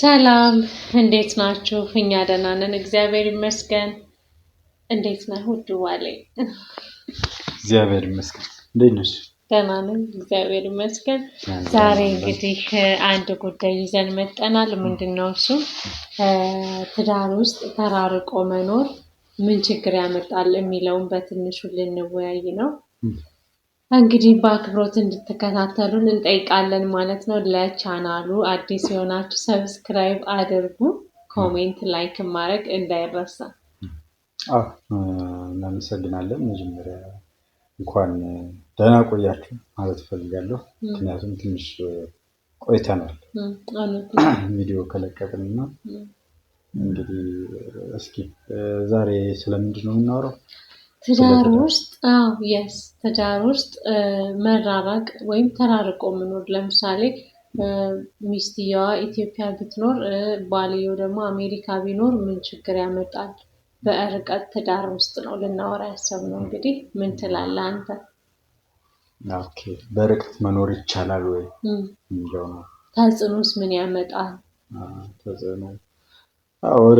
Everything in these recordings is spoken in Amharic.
ሰላም እንዴት ናችሁ? እኛ ደህና ነን፣ እግዚአብሔር ይመስገን። እንዴት ነህ ውድ ዋሌ? እግዚአብሔር ይመስገን። እንዴት ነሽ? ደህና እግዚአብሔር ይመስገን። ዛሬ እንግዲህ አንድ ጉዳይ ይዘን መጠናል። ምንድን ነው እሱ? ትዳር ውስጥ ተራርቆ መኖር ምን ችግር ያመጣል የሚለውን በትንሹ ልንወያይ ነው። እንግዲህ በአክብሮት እንድትከታተሉን እንጠይቃለን ማለት ነው። ለቻናሉ አዲስ የሆናችሁ ሰብስክራይብ አድርጉ፣ ኮሜንት፣ ላይክ ማድረግ እንዳይረሳ። እናመሰግናለን። መጀመሪያ እንኳን ደህና ቆያችሁ ማለት እፈልጋለሁ። ምክንያቱም ትንሽ ቆይተናል ቪዲዮ ከለቀቅንና እንግዲህ እስኪ ዛሬ ስለምንድን ነው የምናወራው? ትዳር ውስጥ አዎ የስ ትዳር ውስጥ መራራቅ ወይም ተራርቆ መኖር ለምሳሌ ሚስትየዋ ኢትዮጵያ ብትኖር ባልየው ደግሞ አሜሪካ ቢኖር ምን ችግር ያመጣል? በርቀት ትዳር ውስጥ ነው ልናወራ ያሰብነው። እንግዲህ ምን ትላለህ አንተ? ኦኬ መኖር ይቻላል ወይ የሚለው ነው። ተጽዕኖስ ምን ያመጣል? ተጽዕኖ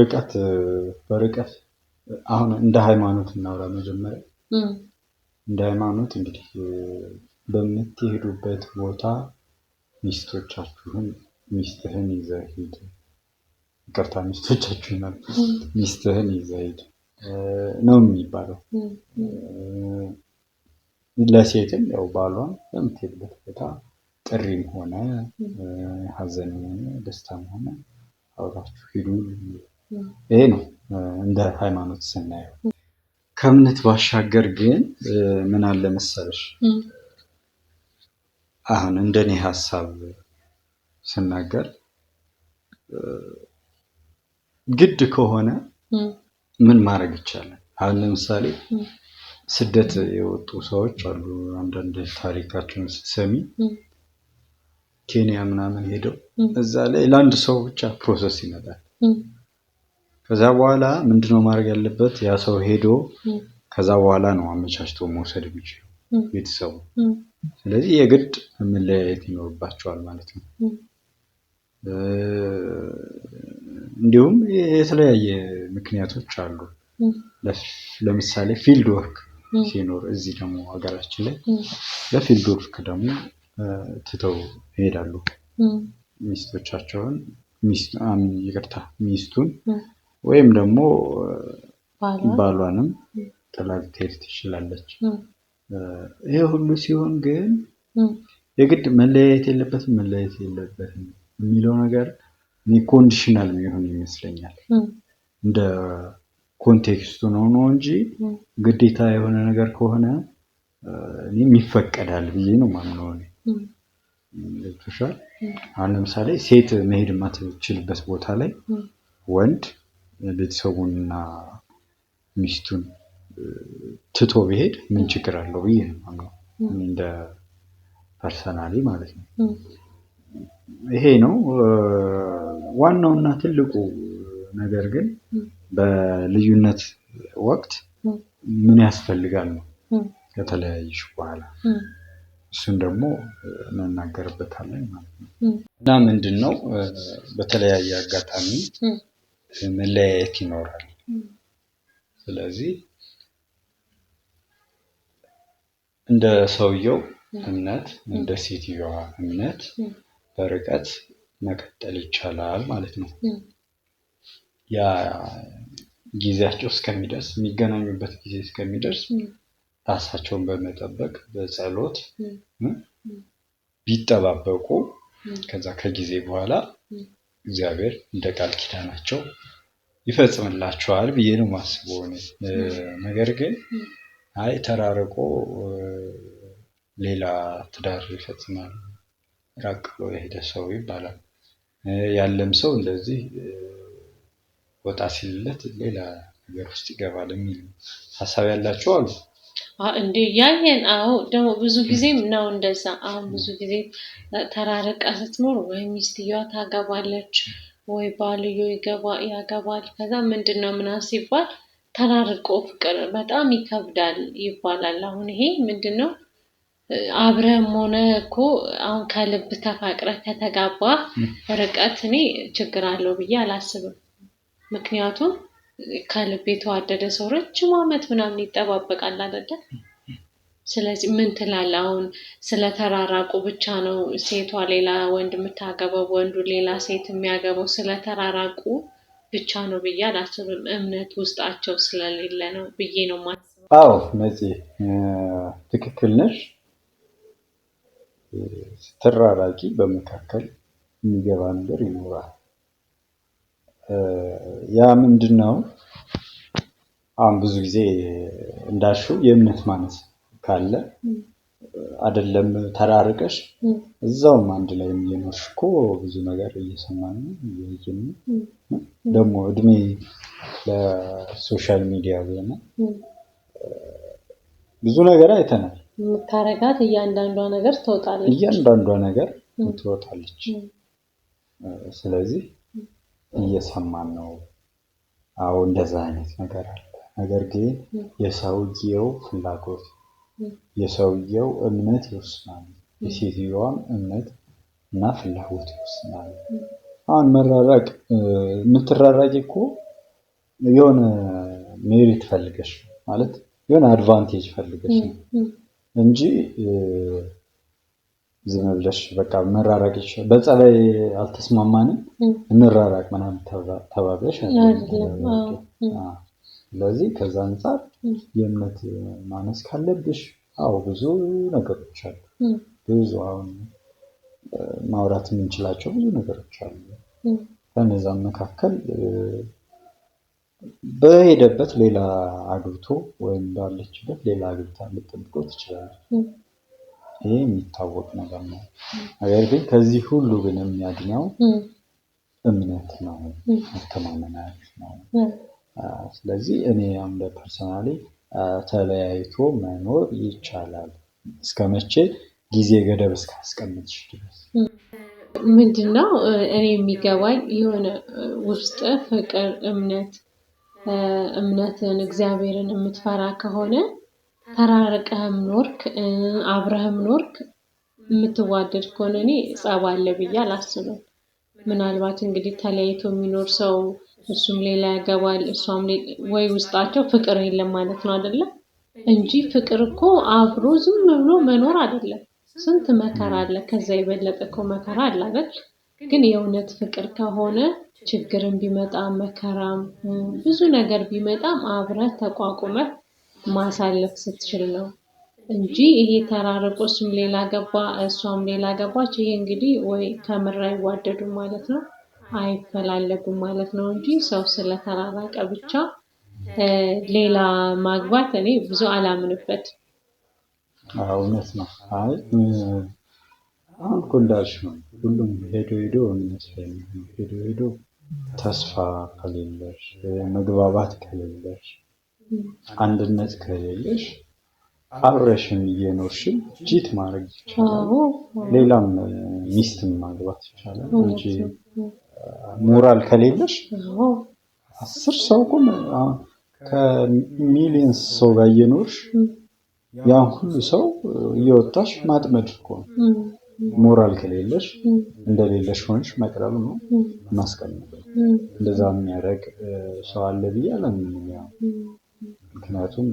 ርቀት በርቀት አሁን እንደ ሃይማኖት እናውራ መጀመሪያ። እንደ ሃይማኖት እንግዲህ በምትሄዱበት ቦታ ሚስቶቻችሁን ሚስትህን ይዘሂድ ሂድ። ሚስቶቻችሁ ሚስቶቻችሁን ሚስትህን ይዘሂድ ነው የሚባለው። ለሴትም ያው ባሏን በምትሄድበት ቦታ ጥሪም ሆነ ሐዘንም ሆነ ደስታም ሆነ አውራችሁ ሂዱ ይሄ ነው እንደ ሃይማኖት ስናየው። ከእምነት ባሻገር ግን ምን አለ መሰለሽ፣ አሁን እንደኔ ሀሳብ ስናገር ግድ ከሆነ ምን ማድረግ ይቻላል? አሁን ለምሳሌ ስደት የወጡ ሰዎች አሉ። አንዳንድ ታሪካቸውን ስትሰሚ ኬንያ ምናምን ሄደው እዛ ላይ ለአንድ ሰው ብቻ ፕሮሰስ ይመጣል። ከዛ በኋላ ምንድነው ማድረግ ያለበት? ያ ሰው ሄዶ ከዛ በኋላ ነው አመቻችቶ መውሰድ የሚችለው ቤተሰቡ። ስለዚህ የግድ መለያየት ይኖርባቸዋል ማለት ነው። እንዲሁም የተለያየ ምክንያቶች አሉ። ለምሳሌ ፊልድ ወርክ ሲኖር እዚህ ደግሞ ሀገራችን ላይ ለፊልድ ወርክ ደግሞ ትተው ይሄዳሉ ሚስቶቻቸውን ይቅርታ ሚስቱን ወይም ደግሞ ባሏንም ጥላ ልትሄድ ትችላለች። ይሄ ሁሉ ሲሆን ግን የግድ መለያየት የለበትም መለያየት የለበትም የሚለው ነገር ኮንዲሽናል የሚሆን ይመስለኛል። እንደ ኮንቴክስቱ ነው ነው እንጂ ግዴታ የሆነ ነገር ከሆነ እኔም ይፈቀዳል ብዬ ነው ማምነው። ገብቶሻል? አሁን ለምሳሌ ሴት መሄድ የማትችልበት ቦታ ላይ ወንድ ቤተሰቡንና ሚስቱን ትቶ ቢሄድ ምን ችግር አለው ብዬ ነው የማምነው። እንደ ፐርሰናሊ ማለት ነው። ይሄ ነው ዋናውና ትልቁ ነገር። ግን በልዩነት ወቅት ምን ያስፈልጋል ነው ከተለያየሽ በኋላ እሱን ደግሞ እንናገርበታለን ማለት ነው እና ምንድን ነው በተለያየ አጋጣሚ መለያየት ይኖራል። ስለዚህ እንደ ሰውየው እምነት እንደ ሴትየዋ እምነት በርቀት መቀጠል ይቻላል ማለት ነው። ያ ጊዜያቸው እስከሚደርስ የሚገናኙበት ጊዜ እስከሚደርስ ራሳቸውን በመጠበቅ በጸሎት ቢጠባበቁ ከዛ ከጊዜ በኋላ እግዚአብሔር እንደ ቃል ኪዳናቸው ይፈጽምላቸዋል ብዬ ነው የማስበው። ነገር ግን አይ ተራርቆ ሌላ ትዳር ይፈጽማል ራቅ ብሎ የሄደ ሰው ይባላል። ያለም ሰው እንደዚህ ወጣ ሲልለት ሌላ ነገር ውስጥ ይገባል የሚል ሀሳብ ያላቸው አሉ። እንዴ ያየን። አዎ ደግሞ ብዙ ጊዜም ነው እንደዛ። አሁን ብዙ ጊዜ ተራርቃ ስትኖር ወይ ሚስትየዋ ታገባለች ወይ ባልዮ ያገባል። ከዛ ምንድን ነው ምናምን ሲባል ተራርቆ ፍቅር በጣም ይከብዳል ይባላል። አሁን ይሄ ምንድን ነው አብረም ሆነ እኮ አሁን ከልብ ተፋቅረ ከተጋባ ርቀት እኔ ችግር አለው ብዬ አላስብም። ምክንያቱም ከልብ የተዋደደ ሰው ረጅም ዓመት ምናምን ይጠባበቃል አይደለ? ስለዚህ ምን ትላለህ? አሁን ስለተራራቁ ብቻ ነው ሴቷ ሌላ ወንድ የምታገባው ወንዱ ሌላ ሴት የሚያገባው ስለተራራቁ ብቻ ነው ብዬ አላስብም። እምነት ውስጣቸው ስለሌለ ነው ብዬ ነው የማስበው። አዎ መጽ ትክክል ነሽ። ስትራራቂ በመካከል የሚገባ ነገር ይኖራል። ያ ነው አሁን ብዙ ጊዜ እንዳልሽው የእምነት ማነት ካለ አይደለም ተራርቀሽ እዛውም አንድ ላይ የሚኖርሽ እኮ ብዙ ነገር እየሰማ እያየን ደግሞ እድሜ ለሶሻል ሚዲያ ሆነ ብዙ ነገር አይተናል። የምታረጋት እያንዳንዷ ነገር ትወጣለች፣ እያንዳንዷ ነገር ትወጣለች። ስለዚህ እየሰማን ነው። አዎ እንደዛ አይነት ነገር አለ። ነገር ግን የሰውየው ፍላጎት የሰውየው እምነት ይወስናል። የሴትዮዋም እምነት እና ፍላጎት ይወስናል። አሁን መራራቅ የምትራራቂ እኮ የሆነ ሜሪት ፈልገሽ ማለት የሆነ አድቫንቴጅ ፈልገሽ ነው እንጂ ዝም ብለሽ በቃ መራራቅ ይችላል። በጸባይ አልተስማማንም እንራራቅ ምናምን ተባብለሽ ስለዚህ ከዛ አንጻር የእምነት ማነስ ካለብሽ፣ አዎ ብዙ ነገሮች አሉ። ብዙ አሁን ማውራት የምንችላቸው ብዙ ነገሮች አሉ። ከነዛም መካከል በሄደበት ሌላ አግብቶ ወይም ባለችበት ሌላ አግብታ ልጠብቆ ትችላለች። ይሄ የሚታወቅ ነገር ነው። ነገር ግን ከዚህ ሁሉ ግን የሚያድነው እምነት ነው፣ መተማመናችን ነው። ስለዚህ እኔ እንደ ፐርሰናሊ ተለያይቶ መኖር ይቻላል እስከ መቼ ጊዜ ገደብ እስካስቀምጥሽ ድረስ ምንድን ነው እኔ የሚገባኝ የሆነ ውስጥ ፍቅር፣ እምነት እምነትን እግዚአብሔርን የምትፈራ ከሆነ ተራርቀህም ኖርክ አብረህም ኖርክ የምትዋደድ ከሆነ እኔ ጸብ አለ ብዬ አላስብም። ምናልባት እንግዲህ ተለያይቶ የሚኖር ሰው እሱም ሌላ ያገባል እሷም ወይ ውስጣቸው ፍቅር የለም ማለት ነው አይደለም እንጂ ፍቅር እኮ አብሮ ዝም ብሎ መኖር አይደለም። ስንት መከራ አለ፣ ከዛ የበለጠ እኮ መከራ አለ አይደል? ግን የእውነት ፍቅር ከሆነ ችግርም ቢመጣም መከራም ብዙ ነገር ቢመጣም አብረህ ተቋቁመህ ማሳለፍ ስትችል ነው እንጂ ይሄ ተራርቆ እሱም ሌላ ገባ እሷም ሌላ ገባች፣ ይሄ እንግዲህ ወይ ከምር አይዋደዱም ማለት ነው፣ አይፈላለጉም ማለት ነው እንጂ ሰው ስለተራራቀ ብቻ ሌላ ማግባት እኔ ብዙ አላምንበት። እውነት ነው። አይ አሁን እኮ እንዳልሽ ነው። ሁሉም ሄዶ ሄዶ ሄዶ ሄዶ ተስፋ ከሌለሽ መግባባት ከሌለሽ አንድነት ከሌለሽ አብረሽም እየኖርሽም ጂት ማድረግ ይቻላል። ሌላም ሚስትም ማግባት ይቻላል እንጂ ሞራል ከሌለሽ አስር ሰው ቁም ከሚሊየን ሰው ጋር እየኖርሽ ያን ሁሉ ሰው እየወጣሽ ማጥመድ እኮ ነው። ሞራል ከሌለሽ እንደሌለሽ ሆንሽ መቅረብ ነው ማስቀመጥ። እንደዛ የሚያደርግ ሰው አለ ብዬ አላምንም። ምክንያቱም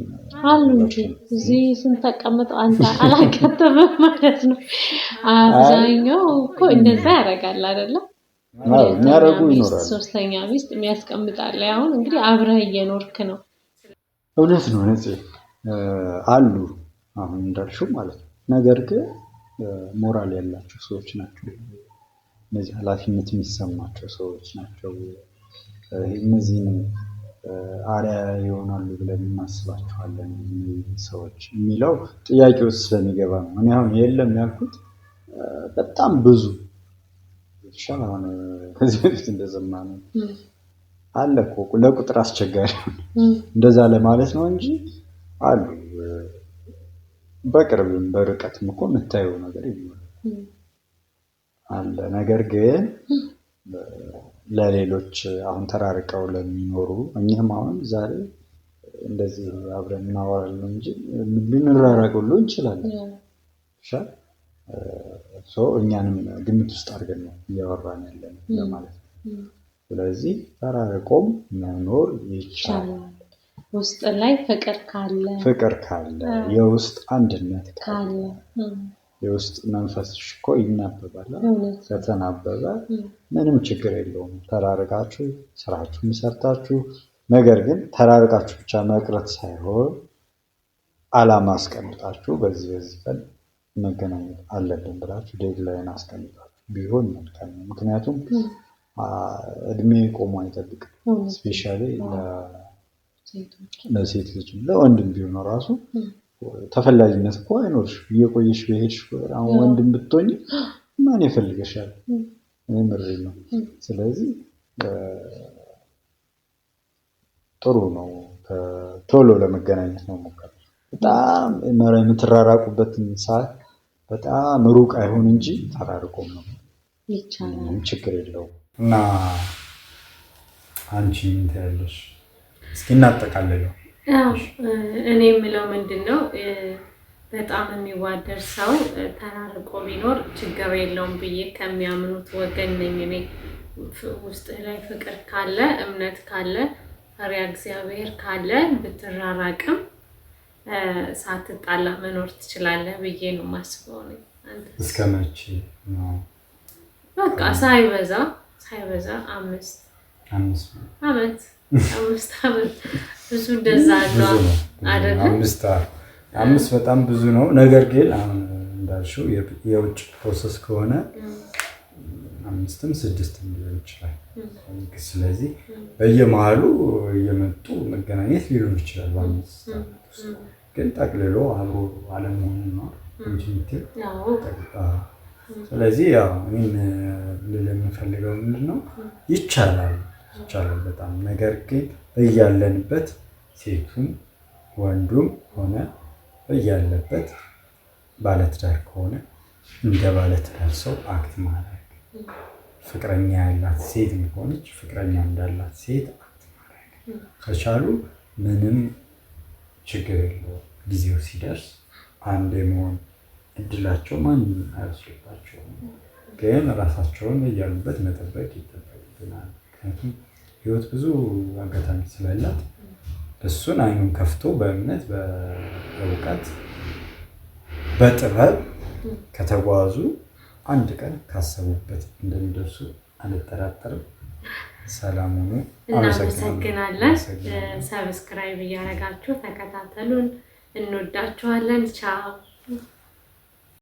አሉ እንጂ እዚህ ስንተቀምጠው አንተ አላጋጠመም ማለት ነው። አብዛኛው እኮ እንደዛ ያደርጋል አይደለም? የሚያደርጉ ይኖራል። ሶስተኛ ሚስት የሚያስቀምጣል። አሁን እንግዲህ አብረህ እየኖርክ ነው። እውነት ነው ነጽ አሉ አሁን እንዳልሽው ማለት ነው። ነገር ግን ሞራል ያላቸው ሰዎች ናቸው እነዚህ ኃላፊነት የሚሰማቸው ሰዎች ናቸው እነዚህን አሪያ ይሆናሉ ብለን እናስባቸዋለን ሰዎች የሚለው ጥያቄ ውስጥ ስለሚገባ ነው። እኔ አሁን የለም ያልኩት በጣም ብዙ የተሻለ ሆነ ከዚህ በፊት እንደዘማ ነው አለ እኮ ለቁጥር አስቸጋሪ እንደዛ ለማለት ነው እንጂ አሉ። በቅርብም በርቀትም እኮ የምታየው ነገር ይኖራል አለ ነገር ግን ለሌሎች አሁን ተራርቀው ለሚኖሩ እኚህም አሁን ዛሬ እንደዚህ አብረን እናወራለን እንጂ ልንራራቅ ሁሉ እንችላለን። እኛንም ግምት ውስጥ አድርገን ነው እያወራን ያለን ለማለት ነው። ስለዚህ ተራርቆም መኖር ይቻላል ውስጥ ላይ ፍቅር ካለ ፍቅር ካለ የውስጥ አንድነት ካለ የውስጥ መንፈስ እኮ ይናበባል። ከተናበበ ምንም ችግር የለውም። ተራርቃችሁ ስራችሁን ሰርታችሁ፣ ነገር ግን ተራርቃችሁ ብቻ መቅረት ሳይሆን አላማ አስቀምጣችሁ በዚህ በዚህ ቀን መገናኘት አለብን ብላችሁ ዴድላይን አስቀምጣችሁ ቢሆን መልካም ነው። ምክንያቱም እድሜ ቆሞ አይጠብቅም። ስፔሻ ለሴት ልጅ ለወንድም ቢሆን ራሱ ተፈላጊነት እኮ አይኖርሽ እየቆየሽ በሄድሽ አሁን ወንድም ብትሆኝ ማን ይፈልገሻል? ምር ነው። ስለዚህ ጥሩ ነው። ቶሎ ለመገናኘት ነው ሞከር። በጣም የምትራራቁበትን ሰዓት በጣም ሩቅ አይሆን እንጂ ተራርቆም ነው ይቻላል፣ ችግር የለው። እና አንቺ ምን ትያለሽ? እስኪ እናጠቃልለው። እኔ የምለው ምንድን ነው በጣም የሚዋደድ ሰው ተራርቆ ቢኖር ችግር የለውም ብዬ ከሚያምኑት ወገን ነኝ እኔ። ውስጥ ላይ ፍቅር ካለ፣ እምነት ካለ፣ ፈሪያ እግዚአብሔር ካለ ብትራራቅም ሳትጣላ መኖር ትችላለህ ብዬ ነው ማስበው። ነ እስከ መቼ በቃ ሳይበዛ ሳይበዛ አምስት አመት አምስት በጣም ብዙ ነው። ነገር ግን አሁን እንዳልሽው የውጭ ፕሮሰስ ከሆነ አምስትም ስድስትም ሊሆን ይችላል። ስለዚህ በየመሀሉ እየመጡ መገናኘት ሊሆን ይችላል። በአምስት ግን ጠቅልሎ አብሮ አለመሆኑ ስለዚህ ያው እኔም ልል የምፈልገው ምንድን ነው ይቻላል ይቻላል በጣም ነገር ግን በያለንበት ሴቱም ወንዱም ሆነ በያለበት ባለትዳር ከሆነ እንደ ባለትዳር ሰው አክት ማድረግ ፍቅረኛ ያላት ሴት ከሆነች ፍቅረኛ እንዳላት ሴት አክት ማድረግ ከቻሉ ምንም ችግር የለው ጊዜው ሲደርስ አንድ የመሆን እድላቸው ማንም አያስገባቸውም ግን ራሳቸውን በያሉበት መጠበቅ ይጠበቅብናል። ምክንያቱም ህይወት ብዙ አጋጣሚ ስላላት እሱን አይኑን ከፍቶ በእምነት በእውቀት በጥበብ ከተጓዙ አንድ ቀን ካሰቡበት እንደሚደርሱ አንጠራጠርም። ሰላም ሁኑ። እናመሰግናለን። ሰብስክራይብ እያደረጋችሁ ተከታተሉን። እንወዳችኋለን። ቻው